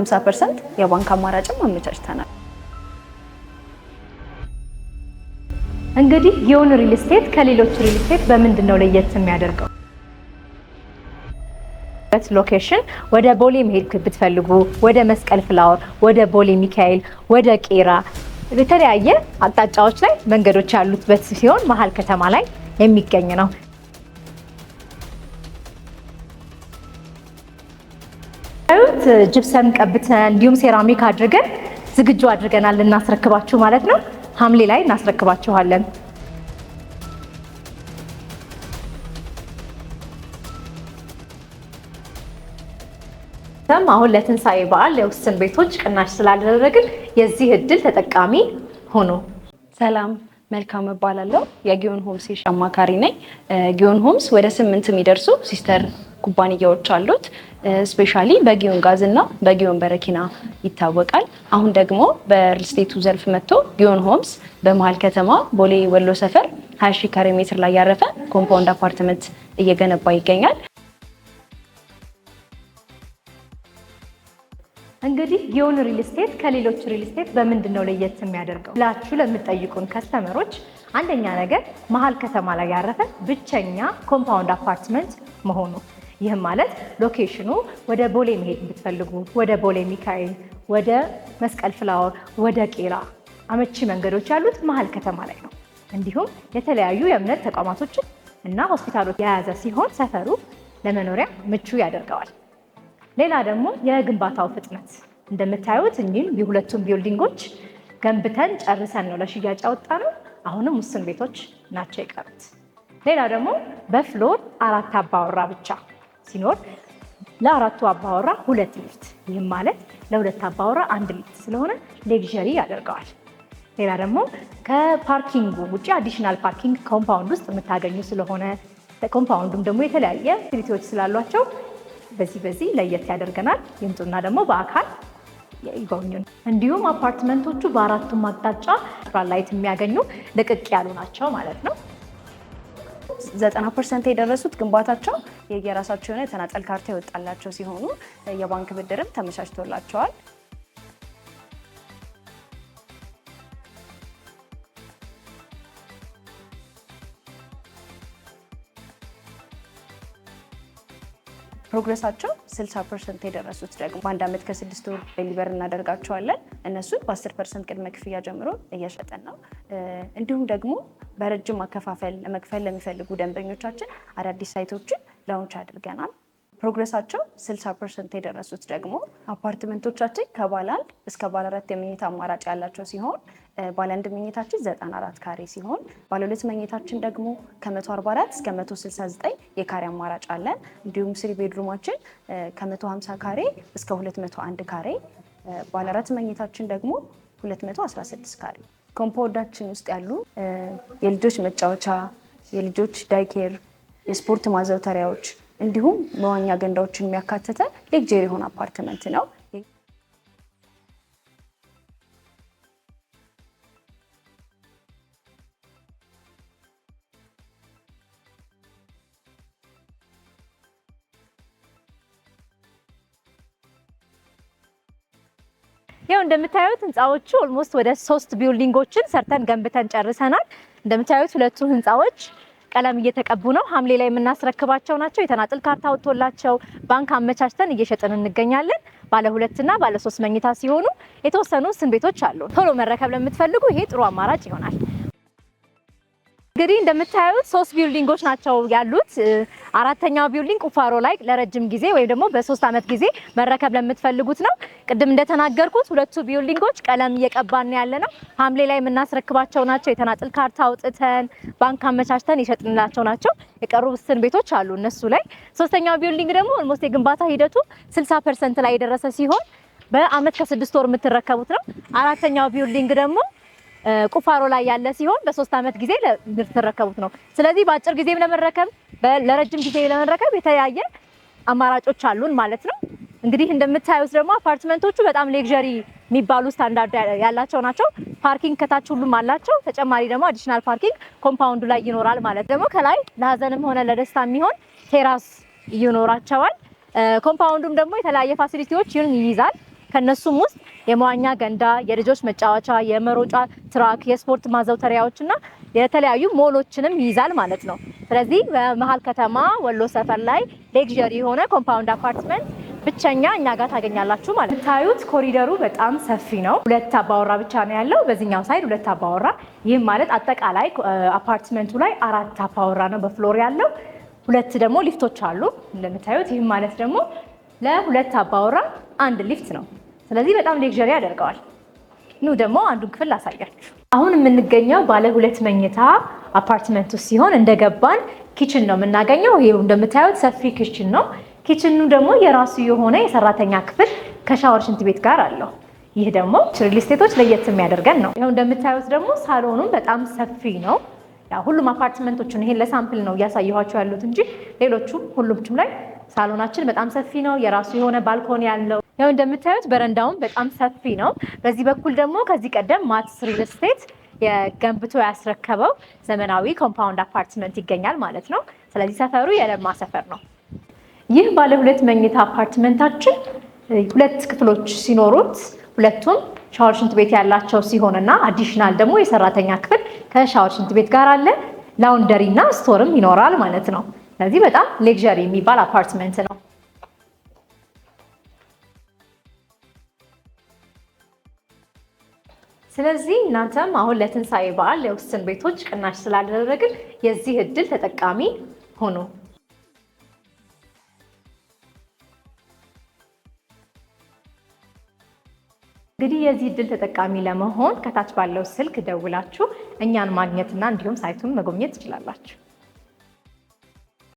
50 ፐርሰንት የባንክ አማራጭም አመቻችተናል። እንግዲህ የኦን ሪል ስቴት ከሌሎች ሪል ስቴት በምንድን ነው ለየት የሚያደርገው? ሎኬሽን ወደ ቦሌ መሄድ ብትፈልጉ ወደ መስቀል ፍላወር፣ ወደ ቦሌ ሚካኤል፣ ወደ ቄራ የተለያየ አቅጣጫዎች ላይ መንገዶች ያሉትበት ሲሆን መሀል ከተማ ላይ የሚገኝ ነው። ሁለት ጅብሰም ቀብተን እንዲሁም ሴራሚክ አድርገን ዝግጁ አድርገናል እናስረክባችሁ ማለት ነው። ሐምሌ ላይ እናስረክባችኋለን። አሁን ለትንሳኤ በዓል የውስን ቤቶች ቅናሽ ስላደረግን የዚህ እድል ተጠቃሚ ሆኖ ሰላም መልካም እባላለሁ። የጊዮን ሆምስ አማካሪ ነኝ። ጊዮን ሆምስ ወደ ስምንት የሚደርሱ ሲስተር ኩባንያዎች አሉት። ስፔሻሊ በጊዮን ጋዝ እና በጊዮን በረኪና ይታወቃል። አሁን ደግሞ በሪልስቴቱ ዘርፍ መጥቶ ጊዮን ሆምስ በመሀል ከተማ ቦሌ ወሎ ሰፈር 20 ሺህ ካሬ ሜትር ላይ ያረፈ ኮምፓውንድ አፓርትመንት እየገነባ ይገኛል። እንግዲህ ጊዮን ሪልስቴት ከሌሎች ሪልስቴት በምንድን ነው ለየት የሚያደርገው ብላችሁ ለምጠይቁን ከስተመሮች አንደኛ ነገር መሀል ከተማ ላይ ያረፈ ብቸኛ ኮምፓውንድ አፓርትመንት መሆኑ ይህም ማለት ሎኬሽኑ ወደ ቦሌ መሄድ የምትፈልጉ ወደ ቦሌ ሚካኤል፣ ወደ መስቀል ፍላወር፣ ወደ ቄራ አመቺ መንገዶች ያሉት መሀል ከተማ ላይ ነው። እንዲሁም የተለያዩ የእምነት ተቋማቶችን እና ሆስፒታሎች የያዘ ሲሆን ሰፈሩ ለመኖሪያ ምቹ ያደርገዋል። ሌላ ደግሞ የግንባታው ፍጥነት እንደምታዩት እኒህም የሁለቱም ቢልዲንጎች ገንብተን ጨርሰን ነው ለሽያጭ ያወጣ ነው። አሁንም ውስን ቤቶች ናቸው የቀሩት። ሌላ ደግሞ በፍሎር አራት አባወራ ብቻ ሲኖር ለአራቱ አባወራ ሁለት ሊፍት፣ ይህም ማለት ለሁለት አባወራ አንድ ሊፍት ስለሆነ ሌግዠሪ ያደርገዋል። ሌላ ደግሞ ከፓርኪንጉ ውጭ አዲሽናል ፓርኪንግ ኮምፓውንድ ውስጥ የምታገኙ ስለሆነ ኮምፓውንዱም ደግሞ የተለያየ ትሪቶች ስላሏቸው በዚህ በዚህ ለየት ያደርገናል። ይምጡና ደግሞ በአካል ይጎብኙን። እንዲሁም አፓርትመንቶቹ በአራቱም አቅጣጫ ራላይት የሚያገኙ ልቅቅ ያሉ ናቸው ማለት ነው። ዘጠና ፐርሰንት የደረሱት ግንባታቸው የየራሳቸው የሆነ የተናጠል ካርታ የወጣላቸው ሲሆኑ የባንክ ብድርም ተመቻችቶላቸዋል። ፕሮግረሳቸው 60 ፐርሰንት የደረሱት ደግሞ በአንድ ዓመት ከስድስት ወር ዴሊቨር እናደርጋቸዋለን። እነሱን በ10 ፐርሰንት ቅድመ ክፍያ ጀምሮ እየሸጠን ነው። እንዲሁም ደግሞ በረጅም አከፋፈል ለመክፈል ለሚፈልጉ ደንበኞቻችን አዳዲስ ሳይቶችን ላውንች አድርገናል። ፕሮግረሳቸው 60 ፐርሰንት የደረሱት ደግሞ አፓርትመንቶቻችን ከባለ አንድ እስከ ባለ አራት የመኝታ አማራጭ ያላቸው ሲሆን ባለ አንድ መኝታችን 94 ካሬ ሲሆን ባለ ሁለት መኝታችን ደግሞ ከ144 እስከ 169 የካሬ አማራጭ አለን። እንዲሁም ስሪ ቤድሩማችን ከ150 ካሬ እስከ 201 ካሬ፣ ባለ አራት መኝታችን ደግሞ 216 ካሬ። ኮምፓውንዳችን ውስጥ ያሉ የልጆች መጫወቻ፣ የልጆች ዳይኬር፣ የስፖርት ማዘውተሪያዎች እንዲሁም መዋኛ ገንዳዎችን የሚያካተተ ሌግጀሪ የሆነ አፓርትመንት ነው። ያው እንደምታዩት ህንፃዎቹ ኦልሞስት ወደ ሶስት ቢልዲንጎችን ሰርተን ገንብተን ጨርሰናል። እንደምታዩት ሁለቱ ህንፃዎች ቀለም እየተቀቡ ነው። ሐምሌ ላይ የምናስረክባቸው ናቸው። የተናጥል ካርታ ወጥቶላቸው ባንክ አመቻችተን እየሸጥን እንገኛለን። ባለ ሁለትና ባለ ሶስት መኝታ ሲሆኑ የተወሰኑ ስን ቤቶች አሉ። ቶሎ መረከብ ለምትፈልጉ ይሄ ጥሩ አማራጭ ይሆናል። እንግዲህ እንደምታዩት ሶስት ቢልዲንጎች ናቸው ያሉት። አራተኛው ቢልዲንግ ቁፋሮ ላይ ለረጅም ጊዜ ወይም ደግሞ በሶስት ዓመት ጊዜ መረከብ ለምትፈልጉት ነው። ቅድም እንደተናገርኩት ሁለቱ ቢልዲንጎች ቀለም እየቀባን ያለ ነው። ሐምሌ ላይ የምናስረክባቸው ናቸው። የተናጥል ካርታ አውጥተን ባንክ አመቻችተን የሸጥንላቸው ናቸው። የቀሩ ውስን ቤቶች አሉ እነሱ ላይ። ሶስተኛው ቢልዲንግ ደግሞ ኦልሞስት የግንባታ ሂደቱ 60 ፐርሰንት ላይ የደረሰ ሲሆን በአመት ከስድስት ወር የምትረከቡት ነው። አራተኛው ቢልዲንግ ደግሞ ቁፋሮ ላይ ያለ ሲሆን በሶስት ዓመት ጊዜ ልትረከቡት ነው። ስለዚህ በአጭር ጊዜም ለመረከብ ለረጅም ጊዜ ለመረከብ የተለያየ አማራጮች አሉን ማለት ነው። እንግዲህ እንደምታዩት ደግሞ አፓርትመንቶቹ በጣም ሌክዠሪ የሚባሉ ስታንዳርድ ያላቸው ናቸው። ፓርኪንግ ከታች ሁሉም አላቸው። ተጨማሪ ደግሞ አዲሽናል ፓርኪንግ ኮምፓውንዱ ላይ ይኖራል ማለት ደግሞ ከላይ ለሀዘንም ሆነ ለደስታ የሚሆን ቴራስ ይኖራቸዋል። ኮምፓውንዱም ደግሞ የተለያየ ፋሲሊቲዎችን ይይዛል። ከነሱም ውስጥ የመዋኛ ገንዳ፣ የልጆች መጫወቻ፣ የመሮጫ ትራክ፣ የስፖርት ማዘውተሪያዎች እና የተለያዩ ሞሎችንም ይይዛል ማለት ነው። ስለዚህ በመሀል ከተማ ወሎ ሰፈር ላይ ሌክዠሪ የሆነ ኮምፓውንድ አፓርትመንት ብቸኛ እኛ ጋር ታገኛላችሁ ማለት ነው። ታዩት ኮሪደሩ በጣም ሰፊ ነው። ሁለት አባወራ ብቻ ነው ያለው። በዚህኛው ሳይድ ሁለት አባወራ፣ ይህም ማለት አጠቃላይ አፓርትመንቱ ላይ አራት አባወራ ነው በፍሎር ያለው። ሁለት ደግሞ ሊፍቶች አሉ እንደምታዩት። ይህም ማለት ደግሞ ለሁለት አባወራ አንድ ሊፍት ነው። ስለዚህ በጣም ሌክዠሪ ያደርገዋል። ኑ ደግሞ አንዱን ክፍል ላሳያችሁ። አሁን የምንገኘው ባለ ሁለት መኝታ አፓርትመንት ውስጥ ሲሆን እንደገባን ኪችን ነው የምናገኘው። ይሄ እንደምታዩት ሰፊ ኪችን ነው። ኪችኑ ደግሞ የራሱ የሆነ የሰራተኛ ክፍል ከሻወር ሽንት ቤት ጋር አለው። ይህ ደግሞ ሪል ስቴቶች ለየት የሚያደርገን ነው። ይኸው እንደምታዩት ደግሞ ሳሎኑም በጣም ሰፊ ነው። ያው ሁሉም አፓርትመንቶችን ይሄን ለሳምፕል ነው እያሳየኋቸው ያሉት እንጂ ሌሎቹም ሁሉም ላይ ሳሎናችን በጣም ሰፊ ነው። የራሱ የሆነ ባልኮን ያለው ያው እንደምታዩት በረንዳውም በጣም ሰፊ ነው። በዚህ በኩል ደግሞ ከዚህ ቀደም ማትስ ሪል ስቴት የገንብቶ ያስረከበው ዘመናዊ ኮምፓውንድ አፓርትመንት ይገኛል ማለት ነው። ስለዚህ ሰፈሩ የለማ ሰፈር ነው። ይህ ባለ ሁለት መኝታ አፓርትመንታችን ሁለት ክፍሎች ሲኖሩት ሁለቱም ሻወር ሽንት ቤት ያላቸው ሲሆን እና አዲሽናል ደግሞ የሰራተኛ ክፍል ከሻወር ሽንት ቤት ጋር አለ። ላውንደሪ እና ስቶርም ይኖራል ማለት ነው። ስለዚህ በጣም ሌክዠሪ የሚባል አፓርትመንት ነው። ስለዚህ እናንተም አሁን ለትንሳኤ በዓል ለውስን ቤቶች ቅናሽ ስላደረግን የዚህ እድል ተጠቃሚ ሁኑ። እንግዲህ የዚህ እድል ተጠቃሚ ለመሆን ከታች ባለው ስልክ ደውላችሁ እኛን ማግኘትና እንዲሁም ሳይቱን መጎብኘት ትችላላችሁ።